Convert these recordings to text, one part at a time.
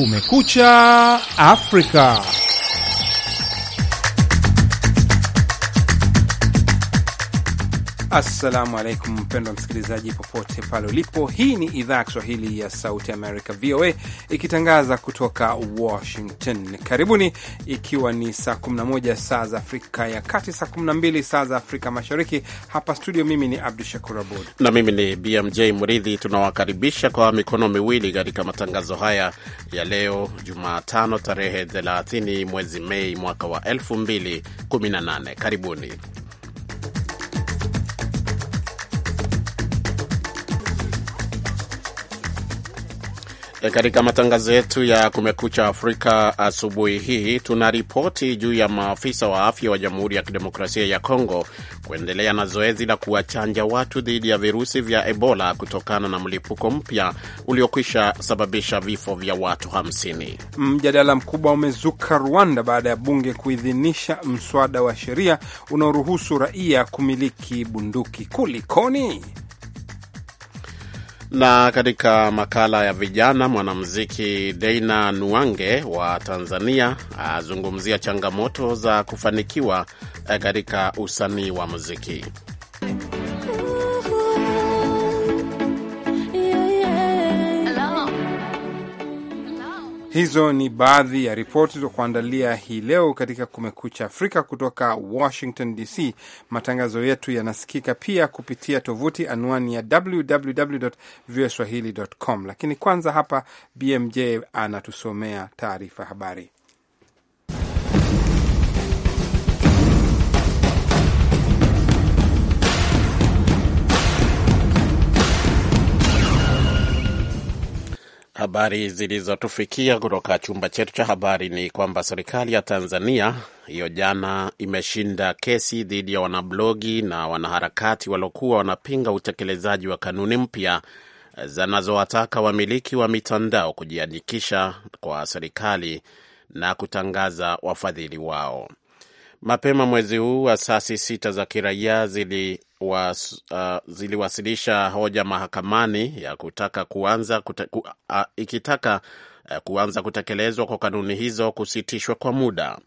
Kumekucha Afrika. Assalamu alaikum, mpendwa msikilizaji, popote pale ulipo. Hii ni idhaa ya Kiswahili ya Sauti Amerika, VOA, ikitangaza kutoka Washington. Karibuni, ikiwa ni saa 11 saa za Afrika ya Kati, saa 12 saa za Afrika Mashariki. Hapa studio, mimi ni Abdu Shakur Abud na mimi ni BMJ Mridhi. Tunawakaribisha kwa mikono miwili katika matangazo haya ya leo Jumatano, tarehe 30 mwezi Mei mwaka wa 2018. Karibuni. E, katika matangazo yetu ya Kumekucha Afrika asubuhi hii tuna ripoti juu ya maafisa wa afya wa Jamhuri ya Kidemokrasia ya Kongo kuendelea na zoezi la kuwachanja watu dhidi ya virusi vya Ebola kutokana na mlipuko mpya uliokwisha sababisha vifo vya watu 50. Mjadala mkubwa umezuka Rwanda baada ya bunge kuidhinisha mswada wa sheria unaoruhusu raia kumiliki bunduki. Kulikoni? Na katika makala ya vijana, mwanamuziki Deina Nuange wa Tanzania azungumzia changamoto za kufanikiwa eh, katika usanii wa muziki. Hizo ni baadhi ya ripoti za kuandalia hii leo katika Kumekucha Afrika kutoka Washington DC. Matangazo yetu yanasikika pia kupitia tovuti anwani ya www voa swahili com, lakini kwanza hapa BMJ anatusomea taarifa habari. Habari zilizotufikia kutoka chumba chetu cha habari ni kwamba serikali ya Tanzania hiyo jana imeshinda kesi dhidi ya wanablogi na wanaharakati waliokuwa wanapinga utekelezaji wa kanuni mpya zinazowataka wamiliki wa mitandao kujiandikisha kwa serikali na kutangaza wafadhili wao. Mapema mwezi huu asasi sita za kiraia zili was, uh, ziliwasilisha hoja mahakamani ya kutaka kuanza kuta, ku, uh, ikitaka uh, kuanza kutekelezwa kwa kanuni hizo kusitishwa kwa muda.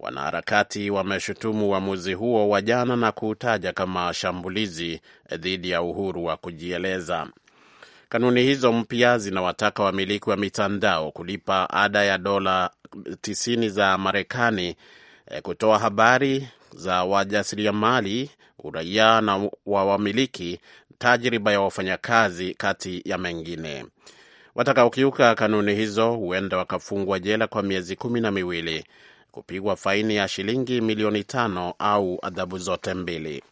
Wanaharakati wameshutumu uamuzi wa huo wa jana na kuutaja kama shambulizi uh, dhidi ya uhuru wa kujieleza. Kanuni hizo mpya zinawataka wamiliki wa mitandao kulipa ada ya dola 90 za Marekani uh, kutoa habari za wajasiriamali uraia na wa wamiliki, tajriba ya wafanyakazi, kati ya mengine. Watakaokiuka kanuni hizo huenda wakafungwa jela kwa miezi kumi na miwili, kupigwa faini ya shilingi milioni tano au adhabu zote mbili.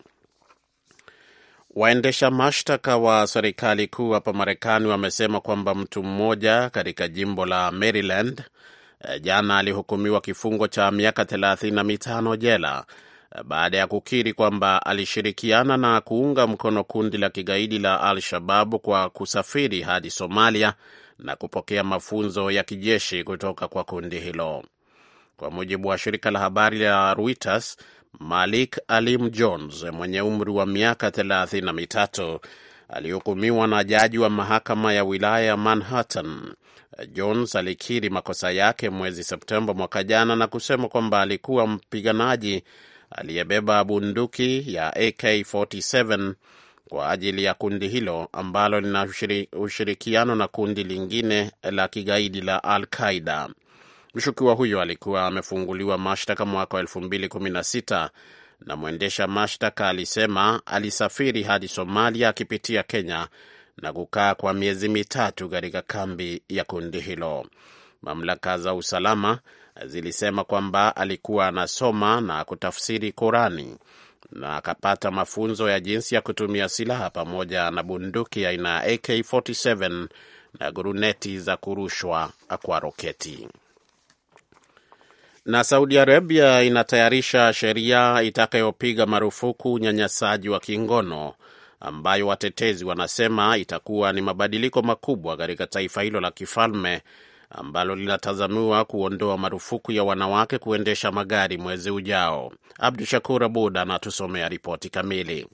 Waendesha mashtaka wa serikali kuu hapa Marekani wamesema kwamba mtu mmoja katika jimbo la Maryland eh, jana alihukumiwa kifungo cha miaka thelathini na mitano jela baada ya kukiri kwamba alishirikiana na kuunga mkono kundi la kigaidi la Al Shababu kwa kusafiri hadi Somalia na kupokea mafunzo ya kijeshi kutoka kwa kundi hilo. Kwa mujibu wa shirika la habari la Reuters, Malik Alim Jones mwenye umri wa miaka thelathini na mitatu alihukumiwa na jaji wa mahakama ya wilaya ya Manhattan. Jones alikiri makosa yake mwezi Septemba mwaka jana na kusema kwamba alikuwa mpiganaji aliyebeba bunduki ya AK47 kwa ajili ya kundi hilo ambalo lina ushirikiano na kundi lingine la kigaidi la Al Qaida. Mshukiwa huyo alikuwa amefunguliwa mashtaka mwaka wa 2016 na mwendesha mashtaka alisema alisafiri hadi Somalia akipitia Kenya na kukaa kwa miezi mitatu katika kambi ya kundi hilo. Mamlaka za usalama zilisema kwamba alikuwa anasoma na kutafsiri Korani na akapata mafunzo ya jinsi ya kutumia silaha pamoja na bunduki aina ya AK47 na guruneti za kurushwa kwa roketi. Na Saudi Arabia inatayarisha sheria itakayopiga marufuku unyanyasaji wa kingono ambayo watetezi wanasema itakuwa ni mabadiliko makubwa katika taifa hilo la kifalme ambalo linatazamiwa kuondoa marufuku ya wanawake kuendesha magari mwezi ujao. Abdu Shakur Abud anatusomea ripoti kamili.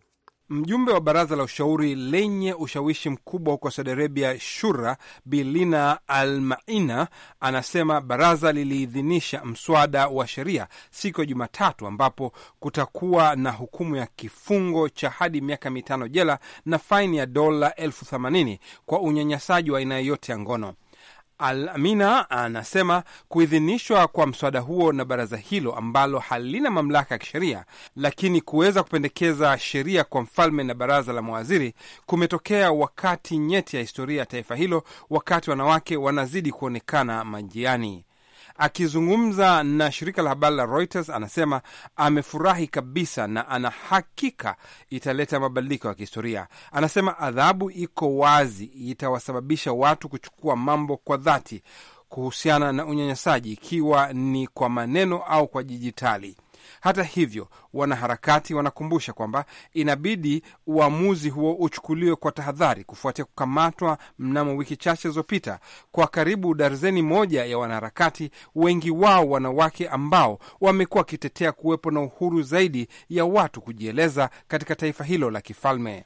Mjumbe wa baraza la ushauri lenye ushawishi mkubwa huko Saudi Arabia, Shura Bilina Almaina, anasema baraza liliidhinisha mswada wa sheria siku ya Jumatatu, ambapo kutakuwa na hukumu ya kifungo cha hadi miaka mitano jela na faini ya dola elfu themanini kwa unyanyasaji wa aina yoyote ya ngono. Al-Amina anasema kuidhinishwa kwa mswada huo na baraza hilo ambalo halina mamlaka ya kisheria, lakini kuweza kupendekeza sheria kwa mfalme na baraza la mawaziri kumetokea wakati nyeti ya historia ya taifa hilo, wakati wanawake wanazidi kuonekana majiani. Akizungumza na shirika la habari la Reuters, anasema amefurahi kabisa na ana hakika italeta mabadiliko ya kihistoria. Anasema adhabu iko wazi, itawasababisha watu kuchukua mambo kwa dhati kuhusiana na unyanyasaji, ikiwa ni kwa maneno au kwa dijitali. Hata hivyo, wanaharakati wanakumbusha kwamba inabidi uamuzi huo uchukuliwe kwa tahadhari, kufuatia kukamatwa mnamo wiki chache zilizopita kwa karibu darzeni moja ya wanaharakati, wengi wao wanawake, ambao wamekuwa wakitetea kuwepo na uhuru zaidi ya watu kujieleza katika taifa hilo la kifalme.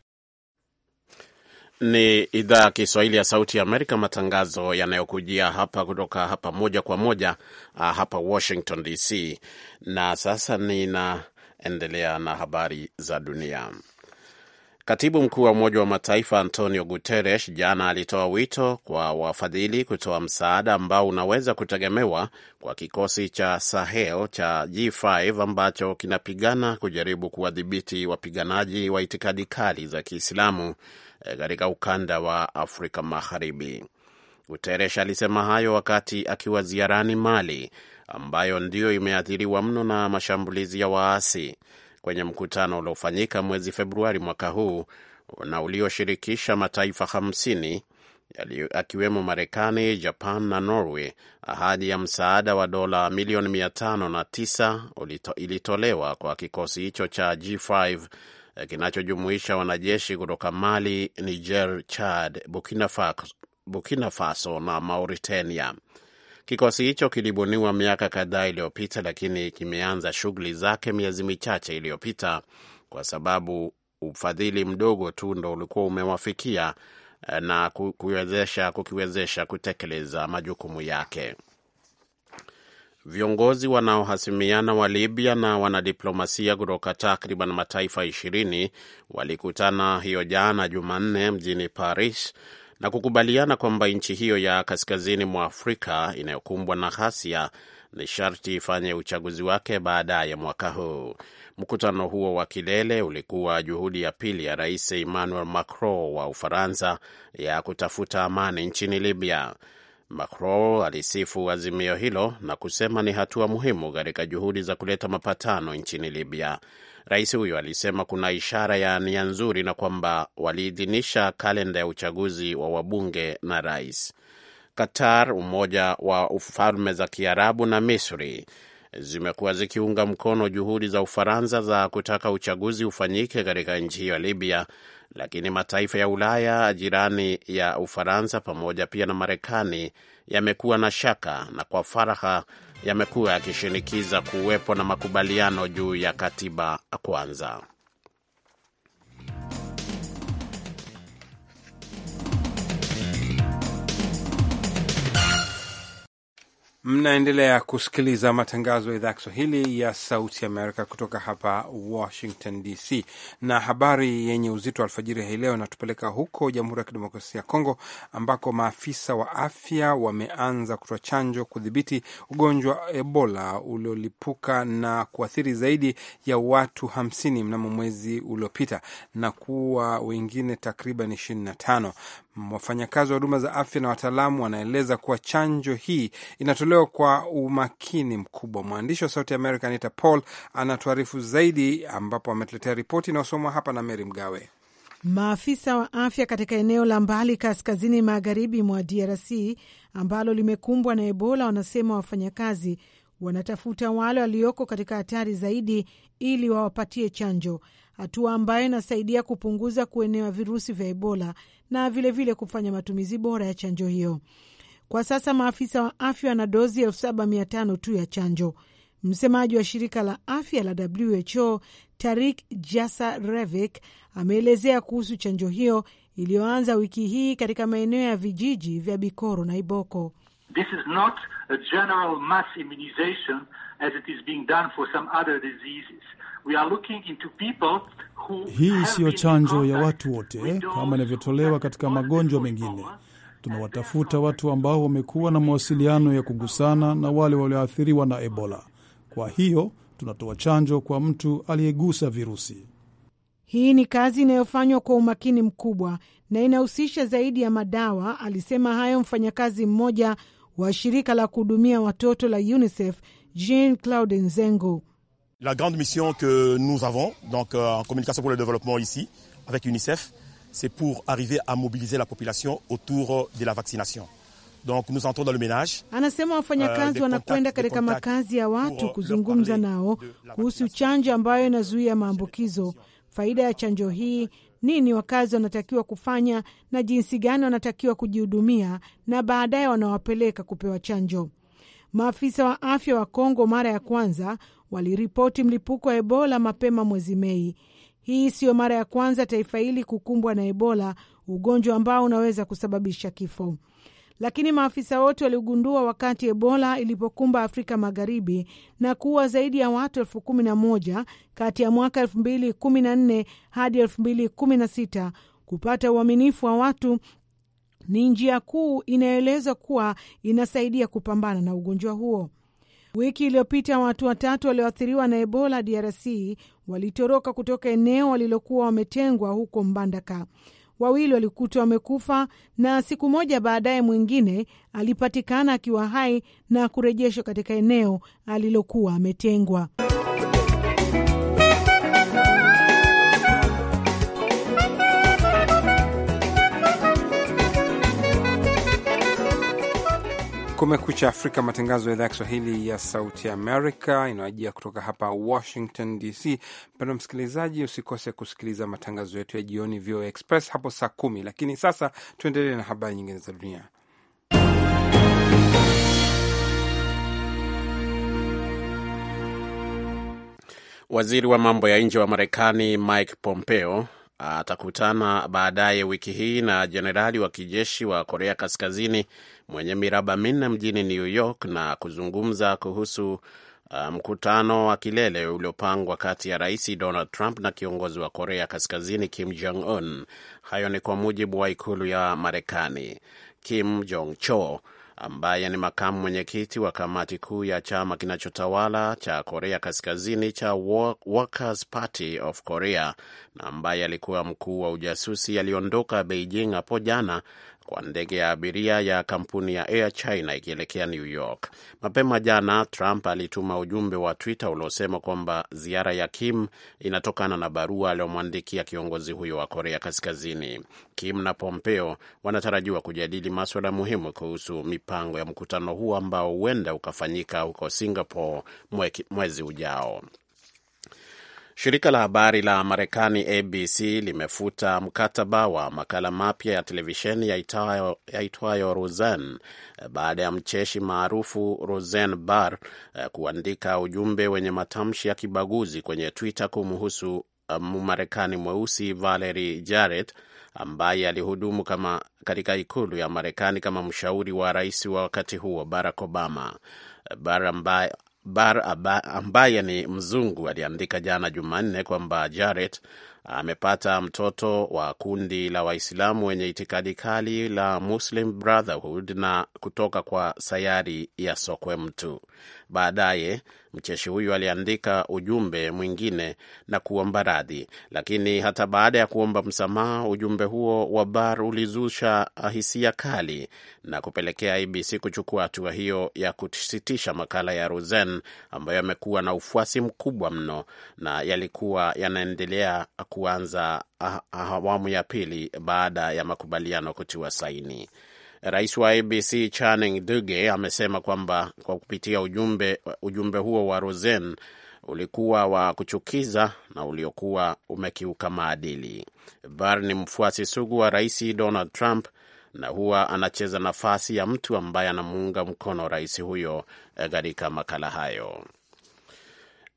Ni idhaa ya Kiswahili ya Sauti ya Amerika, matangazo yanayokujia hapa kutoka hapa moja kwa moja ah, hapa Washington DC. Na sasa ninaendelea na habari za dunia. Katibu mkuu wa Umoja wa Mataifa Antonio Guterres jana alitoa wito kwa wafadhili kutoa msaada ambao unaweza kutegemewa kwa kikosi cha Sahel cha G5 ambacho kinapigana kujaribu kuwadhibiti wapiganaji wa itikadi kali za Kiislamu Eh, katika ukanda wa Afrika Magharibi. Guterres alisema hayo wakati akiwa ziarani Mali, ambayo ndiyo imeathiriwa mno na mashambulizi ya waasi, kwenye mkutano uliofanyika mwezi Februari mwaka huu na ulioshirikisha mataifa 50 akiwemo Marekani, Japan na Norway. Ahadi ya msaada wa dola milioni 509 ilitolewa kwa kikosi hicho cha G5 Eh, kinachojumuisha wanajeshi kutoka Mali, Niger, Chad, Burkina Faso, Burkina Faso na Mauritania. Kikosi hicho kilibuniwa miaka kadhaa iliyopita, lakini kimeanza shughuli zake miezi michache iliyopita kwa sababu ufadhili mdogo tu ndo ulikuwa umewafikia eh, na kukiwezesha kutekeleza majukumu yake. Viongozi wanaohasimiana wa Libya na wanadiplomasia kutoka takriban mataifa ishirini walikutana hiyo jana Jumanne mjini Paris na kukubaliana kwamba nchi hiyo ya kaskazini mwa Afrika inayokumbwa na ghasia ni sharti ifanye uchaguzi wake baadaye mwaka huu. Mkutano huo wa kilele ulikuwa juhudi ya pili ya Rais Emmanuel Macron wa Ufaransa ya kutafuta amani nchini Libya. Macron alisifu azimio hilo na kusema ni hatua muhimu katika juhudi za kuleta mapatano nchini Libya. Rais huyo alisema kuna ishara ya nia nzuri na kwamba waliidhinisha kalenda ya uchaguzi wa wabunge na rais. Qatar, Umoja wa Falme za Kiarabu na Misri zimekuwa zikiunga mkono juhudi za Ufaransa za kutaka uchaguzi ufanyike katika nchi hiyo ya Libya lakini mataifa ya Ulaya jirani ya Ufaransa pamoja pia na Marekani yamekuwa na shaka na kwa faraha yamekuwa yakishinikiza kuwepo na makubaliano juu ya katiba kwanza. Mnaendelea kusikiliza matangazo ya idhaa ya Kiswahili ya Sauti Amerika kutoka hapa Washington DC, na habari yenye uzito wa alfajiri hii leo inatupeleka huko Jamhuri ya Kidemokrasia ya Kongo, ambako maafisa wa afya wameanza kutoa chanjo kudhibiti ugonjwa wa Ebola uliolipuka na kuathiri zaidi ya watu hamsini mnamo mwezi uliopita na kuwa wengine takriban ishirini na tano. Wafanyakazi wa huduma za afya na wataalamu wanaeleza kuwa chanjo hii inatolewa kwa umakini mkubwa. Mwandishi wa Sauti Amerika Anita Paul anatuarifu zaidi, ambapo ametuletea ripoti inayosomwa hapa na Meri Mgawe. Maafisa wa afya katika eneo la mbali kaskazini magharibi mwa DRC ambalo limekumbwa na Ebola wanasema wafanyakazi wanatafuta wale walioko katika hatari zaidi ili wawapatie chanjo, hatua ambayo inasaidia kupunguza kuenewa virusi vya Ebola na vilevile vile kufanya matumizi bora ya chanjo hiyo. Kwa sasa maafisa wa afya wana dozi 75 tu ya chanjo. Msemaji wa shirika la afya la WHO Tarik Jasarevik ameelezea kuhusu chanjo hiyo iliyoanza wiki hii katika maeneo ya vijiji vya Bikoro na Iboko. This is not a general mass immunization hii siyo chanjo ya watu wote kama inavyotolewa katika magonjwa mengine. Tunawatafuta watu ambao wamekuwa na mawasiliano ya kugusana na wale walioathiriwa na Ebola. Kwa hiyo tunatoa chanjo kwa mtu aliyegusa virusi. Hii ni kazi inayofanywa kwa umakini mkubwa na inahusisha zaidi ya madawa. Alisema hayo mfanyakazi mmoja wa shirika la kuhudumia watoto la UNICEF Jean Claude Nzengo. La grande mission que nous avons, donc euh, en communication pour le développement ici, avec UNICEF, c'est pour arriver à mobiliser la population autour euh, de la vaccination. Donc, nous entrons dans le ménage. Anasema wafanyakazi euh, uh, wanakwenda katika makazi ya watu kuzungumza nao kuhusu chanjo ambayo inazuia maambukizo, faida ya chanjo hii, nini wakazi wanatakiwa kufanya na jinsi gani wanatakiwa kujihudumia, na baadaye wanawapeleka kupewa chanjo. Maafisa wa afya wa Kongo mara ya kwanza waliripoti mlipuko wa Ebola mapema mwezi Mei. Hii siyo mara ya kwanza taifa hili kukumbwa na Ebola, ugonjwa ambao unaweza kusababisha kifo, lakini maafisa wote waligundua wakati Ebola ilipokumba Afrika Magharibi na kuua zaidi ya watu elfu kumi na moja kati ya mwaka elfu mbili kumi na nne hadi elfu mbili kumi na sita kupata uaminifu wa watu ni njia kuu inayoelezwa kuwa inasaidia kupambana na ugonjwa huo. Wiki iliyopita watu watatu walioathiriwa na Ebola DRC walitoroka kutoka eneo walilokuwa wametengwa huko Mbandaka. Wawili walikutwa wamekufa na siku moja baadaye mwingine alipatikana akiwa hai na kurejeshwa katika eneo alilokuwa ametengwa. Kumekucha Afrika, matangazo ya idhaa ya Kiswahili ya Sauti Amerika inayoajia kutoka hapa Washington DC. Mpendwa msikilizaji, usikose kusikiliza matangazo yetu ya jioni, VOA Express hapo saa kumi. Lakini sasa tuendelee na habari nyingine za dunia. Waziri wa mambo ya nje wa Marekani Mike Pompeo Atakutana baadaye wiki hii na jenerali wa kijeshi wa Korea Kaskazini mwenye miraba minne mjini New York na kuzungumza kuhusu uh, mkutano wa kilele uliopangwa kati ya Rais Donald Trump na kiongozi wa Korea Kaskazini Kim Jong Un. Hayo ni kwa mujibu wa ikulu ya Marekani. Kim Jong Cho ambaye ni makamu mwenyekiti wa kamati kuu ya chama kinachotawala cha Korea Kaskazini cha Workers Party of Korea na ambaye alikuwa mkuu wa ujasusi aliondoka Beijing hapo jana kwa ndege ya abiria ya kampuni ya Air China ikielekea New York. Mapema jana, Trump alituma ujumbe wa Twitter uliosema kwamba ziara ya Kim inatokana na barua aliyomwandikia kiongozi huyo wa Korea Kaskazini. Kim na Pompeo wanatarajiwa kujadili maswala muhimu kuhusu mipango ya mkutano huo ambao huenda ukafanyika huko Singapore mwezi ujao. Shirika la habari la Marekani ABC limefuta mkataba wa makala mapya ya televisheni yaitwayo Roseanne eh, baada ya mcheshi maarufu Roseanne Barr eh, kuandika ujumbe wenye matamshi ya kibaguzi kwenye Twitter kumhusu eh, Mmarekani mweusi Valerie Jarrett ambaye alihudumu kama katika ikulu ya Marekani kama mshauri wa rais wa wakati huo Barack Obama. Barr ambaye Bar ambaye ni mzungu aliandika jana Jumanne kwamba Jarrett amepata mtoto wa kundi la Waislamu wenye itikadi kali la Muslim Brotherhood na kutoka kwa sayari ya sokwe mtu. Baadaye mcheshi huyu aliandika ujumbe mwingine na kuomba radhi, lakini hata baada ya kuomba msamaha, ujumbe huo wa Bar ulizusha hisia kali na kupelekea IBC kuchukua hatua hiyo ya kusitisha makala ya Rosen ambayo yamekuwa na ufuasi mkubwa mno na yalikuwa yanaendelea kuanza ah, ah, awamu ya pili baada ya makubaliano kutiwa saini. Rais wa ABC Channing Duge amesema kwamba kwa kupitia ujumbe, ujumbe huo wa Rosen ulikuwa wa kuchukiza na uliokuwa umekiuka maadili. bar ni mfuasi sugu wa Rais Donald Trump na huwa anacheza nafasi ya mtu ambaye anamuunga mkono rais huyo eh, katika makala hayo.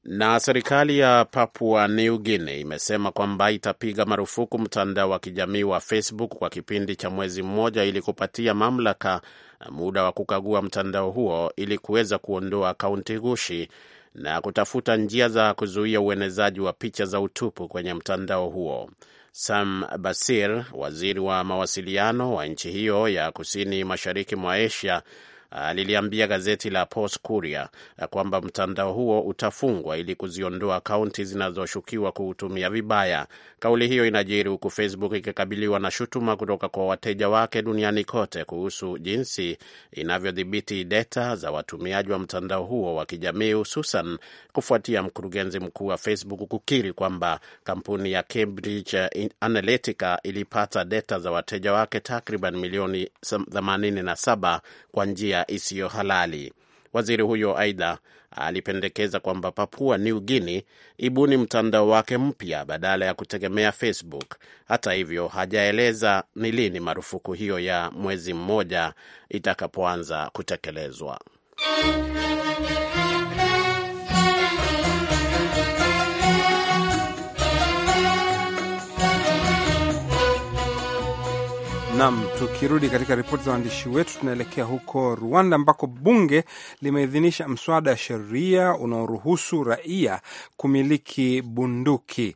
Na serikali ya Papua New Guinea imesema kwamba itapiga marufuku mtandao wa kijamii wa Facebook kwa kipindi cha mwezi mmoja ili kupatia mamlaka muda wa kukagua mtandao huo ili kuweza kuondoa akaunti gushi na kutafuta njia za kuzuia uenezaji wa picha za utupu kwenye mtandao huo. Sam Basir, waziri wa mawasiliano wa nchi hiyo ya kusini mashariki mwa Asia, Ah, aliliambia gazeti la Post Courier ah, kwamba mtandao huo utafungwa ili kuziondoa akaunti zinazoshukiwa kuutumia vibaya. Kauli hiyo inajiri huku Facebook ikikabiliwa na shutuma kutoka kwa wateja wake duniani kote kuhusu jinsi inavyodhibiti data za watumiaji wa mtandao huo wa kijamii, hususan kufuatia mkurugenzi mkuu wa Facebook kukiri kwamba kampuni ya Cambridge Analytica ilipata data za wateja wake takriban milioni 87 kwa njia njia isiyo halali. Waziri huyo aidha alipendekeza kwamba Papua New Guinea ibuni mtandao wake mpya badala ya kutegemea Facebook. Hata hivyo, hajaeleza ni lini marufuku hiyo ya mwezi mmoja itakapoanza kutekelezwa. Nam, tukirudi katika ripoti za waandishi wetu, tunaelekea huko Rwanda ambako bunge limeidhinisha mswada wa sheria unaoruhusu raia kumiliki bunduki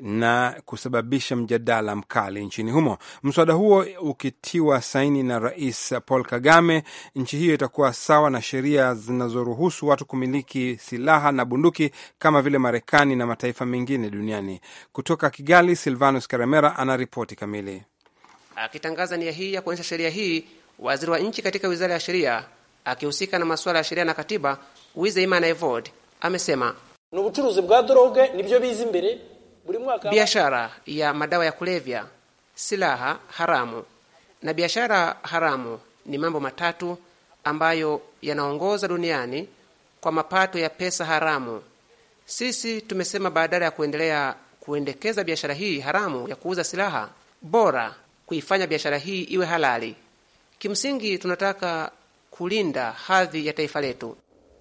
na kusababisha mjadala mkali nchini humo. Mswada huo ukitiwa saini na Rais Paul Kagame, nchi hiyo itakuwa sawa na sheria zinazoruhusu watu kumiliki silaha na bunduki kama vile Marekani na mataifa mengine duniani. Kutoka Kigali, Silvanus Karemera ana ripoti kamili. Akitangaza nia hii ya kuonyesha sheria hii, waziri wa nchi katika wizara ya sheria akihusika na masuala ya sheria na katiba, Uwizeyimana Evode amesema biashara ya madawa ya kulevya, silaha haramu na biashara haramu ni mambo matatu ambayo yanaongoza duniani kwa mapato ya pesa haramu. Sisi tumesema badala ya kuendelea kuendekeza biashara hii haramu ya kuuza silaha, bora kuifanya biashara hii iwe halali. Kimsingi tunataka kulinda hadhi ya taifa letu.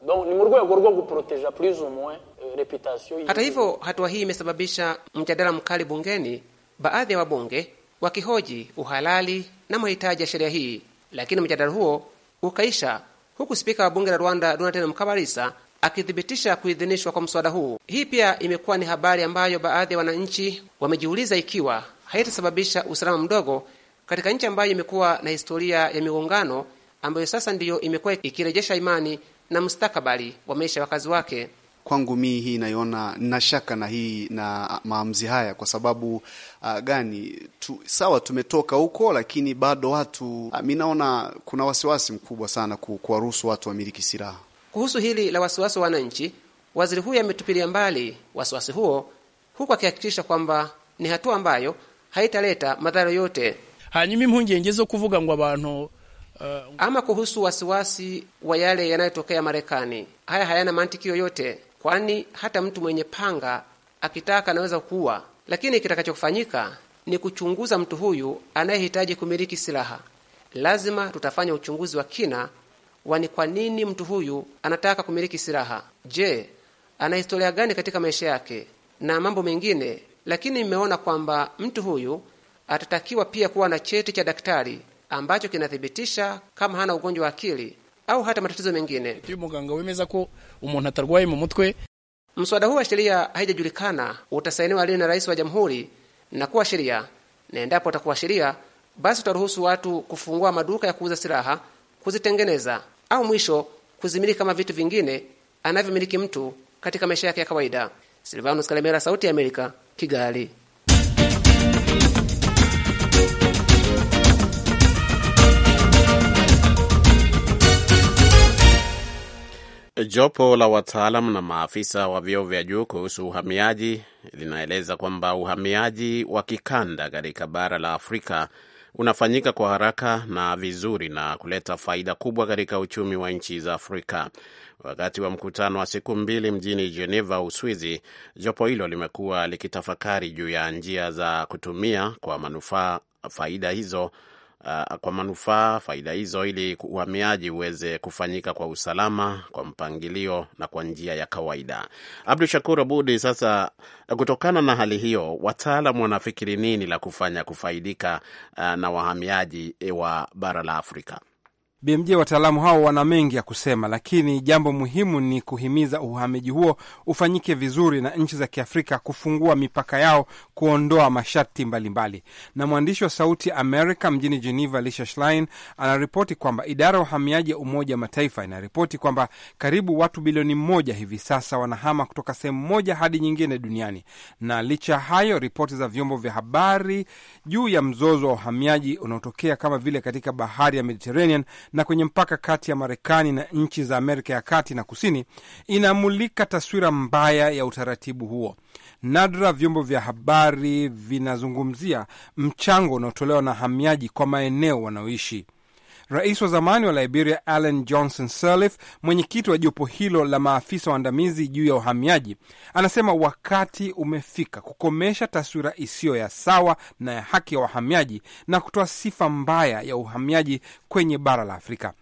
Euh, Hata hivyo, hatua hii imesababisha mjadala mkali bungeni, baadhi ya wabunge wakihoji uhalali na mahitaji ya sheria hii, lakini mjadala huo ukaisha, huku spika wa bunge la Rwanda Donatien Mukabalisa akithibitisha kuidhinishwa kwa mswada huu. Hii pia imekuwa ni habari ambayo baadhi ya wananchi wamejiuliza ikiwa haitasababisha usalama mdogo katika nchi ambayo imekuwa na historia ya migongano ambayo sasa ndiyo imekuwa ikirejesha imani na mustakabali wa maisha ya wakazi wake. Kwangu mii hii naiona na shaka na hii na maamuzi haya kwa sababu uh, gani tu, sawa tumetoka huko, lakini bado watu uh, mi naona kuna wasiwasi mkubwa sana kuwaruhusu watu wamiliki silaha. Kuhusu hili la wasiwasi wa wananchi, waziri huyo ametupilia mbali wasiwasi huo, huku akihakikisha kwamba ni hatua ambayo haitaleta madhara yote. hanyuma impungenge zo kuvuga ngo abantu uh... ama kuhusu wasiwasi wa yale yanayotokea Marekani, haya hayana mantiki yoyote, kwani hata mtu mwenye panga akitaka anaweza kuwa, lakini kitakachofanyika ni kuchunguza mtu huyu anayehitaji kumiliki silaha. Lazima tutafanya uchunguzi wa kina wani kwa nini mtu huyu anataka kumiliki silaha. Je, ana historia gani katika maisha yake na mambo mengine lakini nimeona kwamba mtu huyu atatakiwa pia kuwa na cheti cha daktari ambacho kinathibitisha kama hana ugonjwa wa akili au hata matatizo mengine. Mswada huu wa sheria haijajulikana utasainiwa lini na rais wa jamhuri na kuwa sheria, na endapo utakuwa sheria, basi utaruhusu watu kufungua maduka ya kuuza silaha, kuzitengeneza au mwisho kuzimiliki kama vitu vingine anavyomiliki mtu katika maisha yake ya kawaida. Silvanus Kalemera, Sauti ya Amerika, Kigali. Jopo la wataalam na maafisa wa vyeo vya juu kuhusu uhamiaji linaeleza kwamba uhamiaji wa kikanda katika bara la Afrika unafanyika kwa haraka na vizuri na kuleta faida kubwa katika uchumi wa nchi za Afrika. Wakati wa mkutano wa siku mbili mjini Geneva, Uswizi, jopo hilo limekuwa likitafakari juu ya njia za kutumia kwa manufaa faida hizo Uh, kwa manufaa faida hizo ili uhamiaji uweze kufanyika kwa usalama, kwa mpangilio na kwa njia ya kawaida. Abdu Shakur Abudi, sasa kutokana na hali hiyo, wataalam wanafikiri nini la kufanya kufaidika uh, na wahamiaji e, wa bara la Afrika? BMJ, wataalamu hao wana mengi ya kusema, lakini jambo muhimu ni kuhimiza uhamiaji huo ufanyike vizuri na nchi za Kiafrika kufungua mipaka yao, kuondoa masharti mbalimbali. Na mwandishi wa Sauti Amerika mjini Geneva, Lisha Schlein, anaripoti kwamba idara ya uhamiaji ya Umoja wa Mataifa inaripoti kwamba karibu watu bilioni moja hivi sasa wanahama kutoka sehemu moja hadi nyingine duniani. Na licha ya hayo, ripoti za vyombo vya habari juu ya mzozo wa uhamiaji unaotokea kama vile katika bahari ya Mediterranean na kwenye mpaka kati ya Marekani na nchi za Amerika ya kati na kusini, inamulika taswira mbaya ya utaratibu huo. Nadra vyombo vya habari vinazungumzia mchango unaotolewa na wahamiaji kwa maeneo wanaoishi. Rais wa zamani wa Liberia Alan Johnson Sirleaf, mwenyekiti wa jopo hilo la maafisa waandamizi juu ya uhamiaji, anasema wakati umefika kukomesha taswira isiyo ya sawa na ya haki ya wahamiaji na kutoa sifa mbaya ya uhamiaji kwenye bara la Afrika.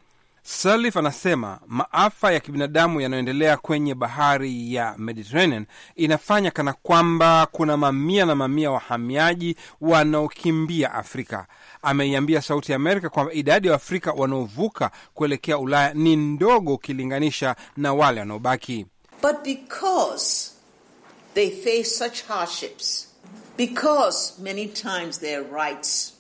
Sirleaf anasema maafa ya kibinadamu yanayoendelea kwenye bahari ya Mediterranean inafanya kana kwamba kuna mamia na mamia wahamiaji wanaokimbia Afrika ameiambia Sauti ya Amerika kwamba idadi ya Waafrika wanaovuka kuelekea Ulaya ni ndogo ukilinganisha na wale wanaobaki. But because they face such hardships, because many times their rights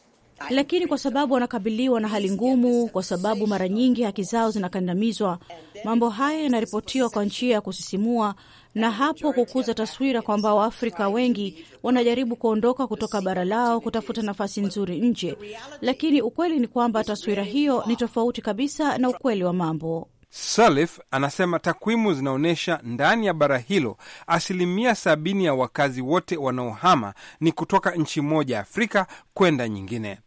lakini kwa sababu wanakabiliwa na hali ngumu, kwa sababu mara nyingi haki zao zinakandamizwa, mambo haya yanaripotiwa kwa njia ya kusisimua na hapo kukuza taswira kwamba Waafrika wengi wanajaribu kuondoka kutoka bara lao kutafuta nafasi nzuri nje, lakini ukweli ni kwamba taswira hiyo ni tofauti kabisa na ukweli wa mambo. Salif anasema takwimu zinaonyesha ndani ya bara hilo asilimia sabini ya wakazi wote wanaohama ni kutoka nchi moja ya Afrika kwenda nyingine.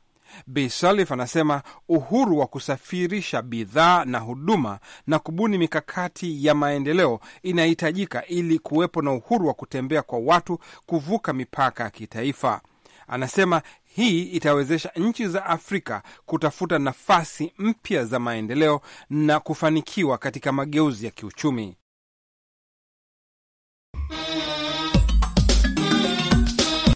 Bi anasema uhuru wa kusafirisha bidhaa na huduma na kubuni mikakati ya maendeleo inahitajika ili kuwepo na uhuru wa kutembea kwa watu kuvuka mipaka ya kitaifa. Anasema hii itawezesha nchi za Afrika kutafuta nafasi mpya za maendeleo na kufanikiwa katika mageuzi ya kiuchumi.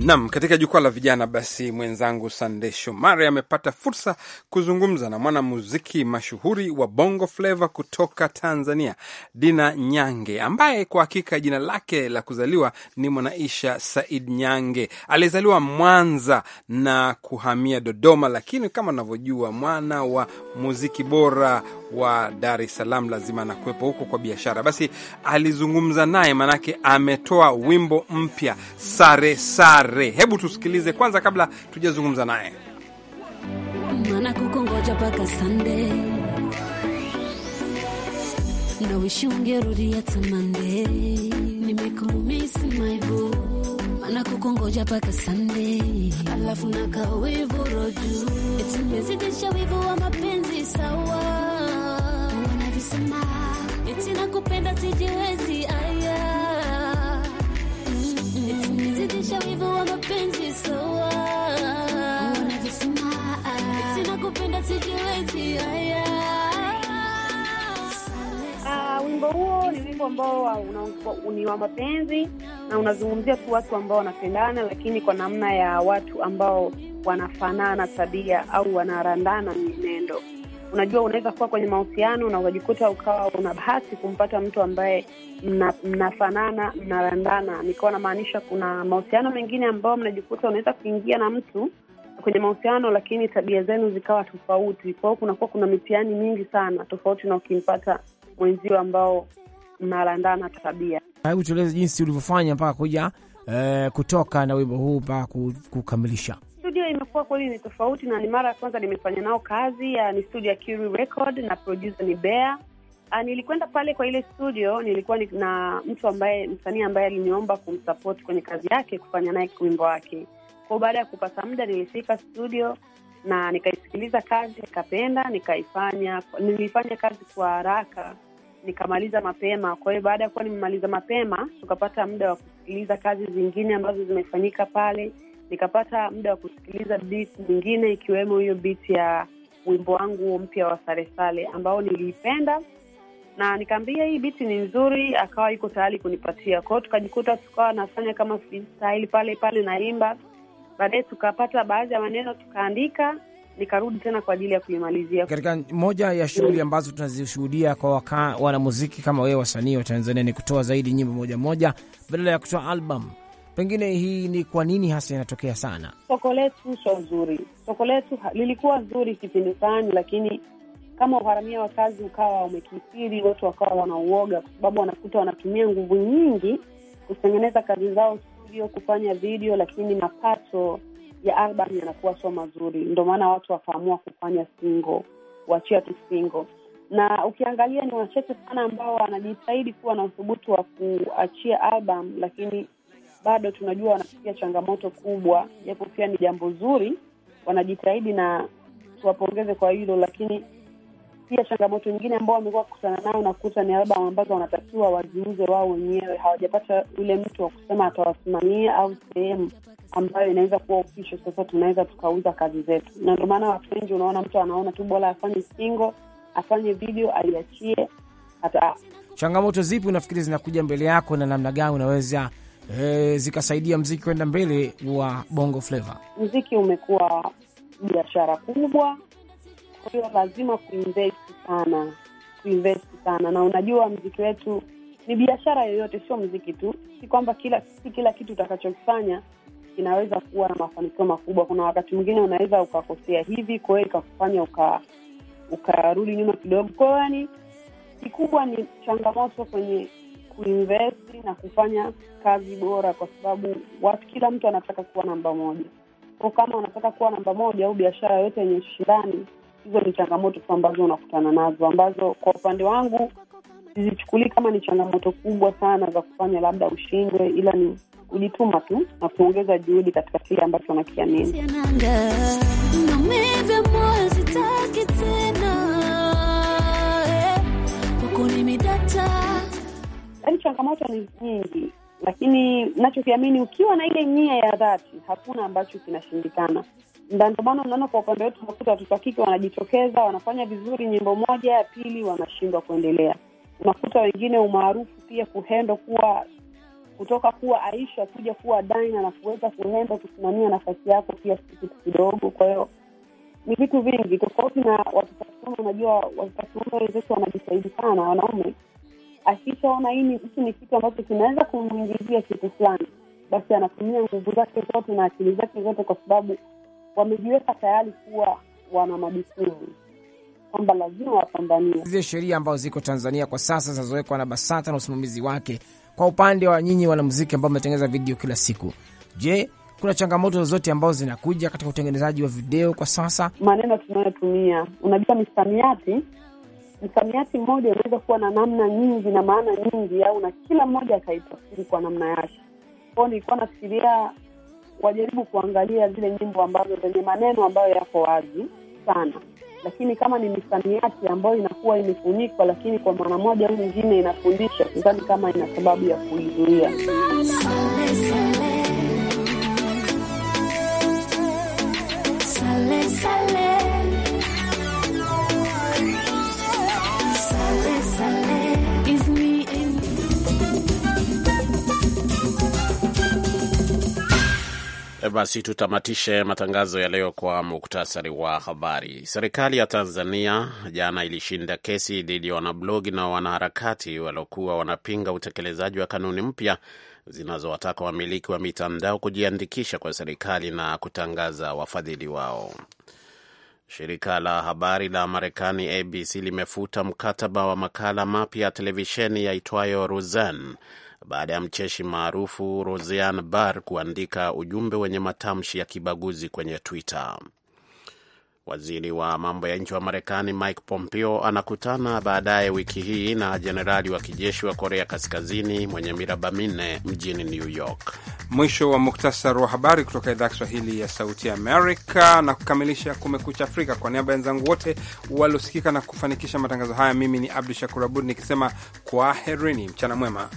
Nam, katika jukwaa la vijana basi, mwenzangu Sande Shomari amepata fursa kuzungumza na mwanamuziki mashuhuri wa Bongo Flava kutoka Tanzania, Dina Nyange, ambaye kwa hakika jina lake la kuzaliwa ni Mwanaisha Said Nyange. Alizaliwa Mwanza na kuhamia Dodoma, lakini kama unavyojua mwana wa muziki bora wa Dar es Salaam lazima anakuwepo huko kwa biashara. Basi alizungumza naye, manake ametoa wimbo mpya sare sare Starehe. Hebu tusikilize kwanza kabla tujazungumza naye. Mana kukongoja Sunday mana kukongoja Sunday alafu roju wivu wa mapenzi sawa wanavisema sijiwezi wimbo huo ni wimbo ambao ni wa mapenzi na unazungumzia tu watu ambao wanapendana, lakini kwa namna ya watu ambao wanafanana tabia au wanarandana mienendo. Unajua, unaweza kuwa kwenye mahusiano na ukajikuta ukawa una bahati kumpata mtu ambaye mna, mnafanana mnarandana. Nikawa namaanisha kuna mahusiano mengine ambao mnajikuta unaweza kuingia na mtu kwenye mahusiano lakini tabia zenu zikawa tofauti. Kwa hiyo kunakuwa kuna mitihani mingi sana tofauti na ukimpata wenzio ambao mnalandana tabia. Hebu tueleze jinsi ulivyofanya mpaka kuja eh, kutoka na wimbo huu mpaka kukamilisha. Studio imekuwa kweli ni tofauti, na ni mara ya kwanza nimefanya nao kazi. Ni studio ya Kiri Record na producer ni Bea. Ah, nilikwenda pale kwa ile studio, nilikuwa na mtu ambaye, msanii ambaye aliniomba kumsupport kwenye kazi yake, kufanya naye wimbo wake. Kwa baada ya kupata muda, nilifika studio na nikaisikiliza kazi, nikapenda, nikaifanya. Nilifanya kazi kwa haraka nikamaliza mapema. Kwa hiyo baada ya kuwa nimemaliza mapema, tukapata muda wa kusikiliza kazi zingine ambazo zimefanyika pale. Nikapata muda wa kusikiliza beat nyingine, ikiwemo hiyo beat ya wimbo wangu mpya wa Salesale ambao niliipenda na nikaambia hii biti ni nzuri, akawa iko tayari kunipatia. kwao. tukajikuta tukawa nafanya kama freestyle pale pale, naimba. Baadaye tukapata baadhi ya maneno tukaandika, nikarudi tena kwa ajili ya kuimalizia. Katika moja ya shughuli ambazo tunazishuhudia kwa waka, wanamuziki kama wewe wasanii wa Tanzania ni kutoa zaidi nyimbo moja moja badala ya kutoa album Pengine hii ni kwa nini hasa inatokea sana? Soko letu sio zuri, soko letu lilikuwa nzuri kipindi fulani, lakini kama uharamia wa kazi ukawa umekithiri, watu wakawa wanauoga, kwa sababu wanakuta wanatumia nguvu nyingi kutengeneza kazi zao studio, kufanya video, lakini mapato ya album yanakuwa sio mazuri, ndio maana watu wakaamua kufanya single, wachia tu single. Na ukiangalia ni wachache sana ambao wanajitahidi kuwa na uthubutu wa kuachia album, lakini bado tunajua wanapitia changamoto kubwa, japo pia ni jambo zuri, wanajitahidi na tuwapongeze kwa hilo, lakini pia changamoto nyingine ambao wamekuwa kukutana nayo, nakuta ni albamu ambazo wanatakiwa waziuze wao wenyewe, hawajapata yule mtu wa kusema atawasimamia au sehemu ambayo inaweza kuwa upisho Sasa tunaweza tukauza kazi zetu, na ndio maana watu wengi unaona, mtu anaona tu bora afanye single, afanye video, aiachie hata. Changamoto zipi unafikiri zinakuja mbele yako na namna gani unaweza e, zikasaidia mziki kwenda mbele wa bongo flava? Mziki umekuwa biashara kubwa kwa hiyo lazima kuinvesti sana, kuinvesti sana. Na unajua mziki wetu ni biashara yoyote, sio mziki tu. Si kwamba kila si kila kitu utakachokifanya kinaweza kuwa na mafanikio makubwa. Kuna wakati mwingine unaweza ukakosea hivi, kwa hiyo ikakufanya uka ukarudi nyuma kidogo. Kwa hiyo yani, kikubwa ni changamoto kwenye kuinvesti na kufanya kazi bora, kwa sababu watu, kila mtu anataka kuwa namba moja. Kwa kama unataka kuwa namba moja au biashara yoyote yenye ushindani hizo ni changamoto tu ambazo unakutana nazo, ambazo kwa upande wangu sizichukulii kama ni changamoto kubwa sana za kufanya labda ushindwe, ila ni kujituma tu na kuongeza juhudi katika kile ambacho unakiamini. Yani eh, changamoto ni nyingi, lakini nachokiamini ukiwa na ile nia ya dhati, hakuna ambacho kinashindikana na ndio maana unaona kwa upande wetu unakuta watoto wa kike wanajitokeza, wanafanya vizuri nyimbo moja ya pili, wanashindwa kuendelea. Unakuta wengine umaarufu pia kuhendo kuwa kutoka kuwa Aisha kuja kuwa Daina na kuweza kuhendo kusimamia nafasi yako pia kitu kidogo. Kwa hiyo ni vitu vingi tofauti na watoto wa kiume. Unajua watoto wa kiume wenzetu wanajisaidi sana, wanaume akishaona hii hiki ni kitu ambacho kinaweza kumwingizia kitu fulani, basi anatumia nguvu zake zote na akili zake zote, kwa sababu wamejiweka tayari kuwa wana majukumu kwamba lazima wapambanie zile sheria ambazo ziko Tanzania kwa sasa zinazowekwa na BASATA na usimamizi wake. Kwa upande wa nyinyi wanamuziki ambao mnatengeneza video kila siku, je, kuna changamoto zozote ambazo zinakuja katika utengenezaji wa video kwa sasa? Maneno tunayotumia, unajua misamiati, msamiati mmoja unaweza kuwa na namna nyingi na maana nyingi, au na kila mmoja akaitafsiri kwa namna yake. Kwao nilikuwa nafikiria wajaribu kuangalia zile nyimbo ambazo zenye maneno ambayo yako wazi sana, lakini kama ni misamiati ambayo inakuwa imefunikwa, lakini kwa maana moja au nyingine inafundisha, sidhani kama ina sababu ya kuizuia. Sale, sale. Eh, basi tutamatishe matangazo ya leo kwa muktasari wa habari. Serikali ya Tanzania jana ilishinda kesi dhidi ya wanablogi na wanaharakati waliokuwa wanapinga utekelezaji wa kanuni mpya zinazowataka wamiliki wa mitandao kujiandikisha kwa serikali na kutangaza wafadhili wao. Shirika la habari la Marekani ABC limefuta mkataba wa makala mapya ya televisheni yaitwayo Roseanne baada ya mcheshi maarufu Roseanne Barr kuandika ujumbe wenye matamshi ya kibaguzi kwenye Twitter. Waziri wa mambo ya nje wa Marekani Mike Pompeo anakutana baadaye wiki hii na jenerali wa kijeshi wa Korea Kaskazini mwenye miraba minne mjini New York. Mwisho wa muktasar wa habari kutoka idhaa ya Kiswahili ya Sauti ya Amerika na kukamilisha Kumekucha Afrika. Kwa niaba ya wenzangu wote waliosikika na kufanikisha matangazo haya, mimi ni Abdu Shakur Abud nikisema kwaherini, mchana mwema.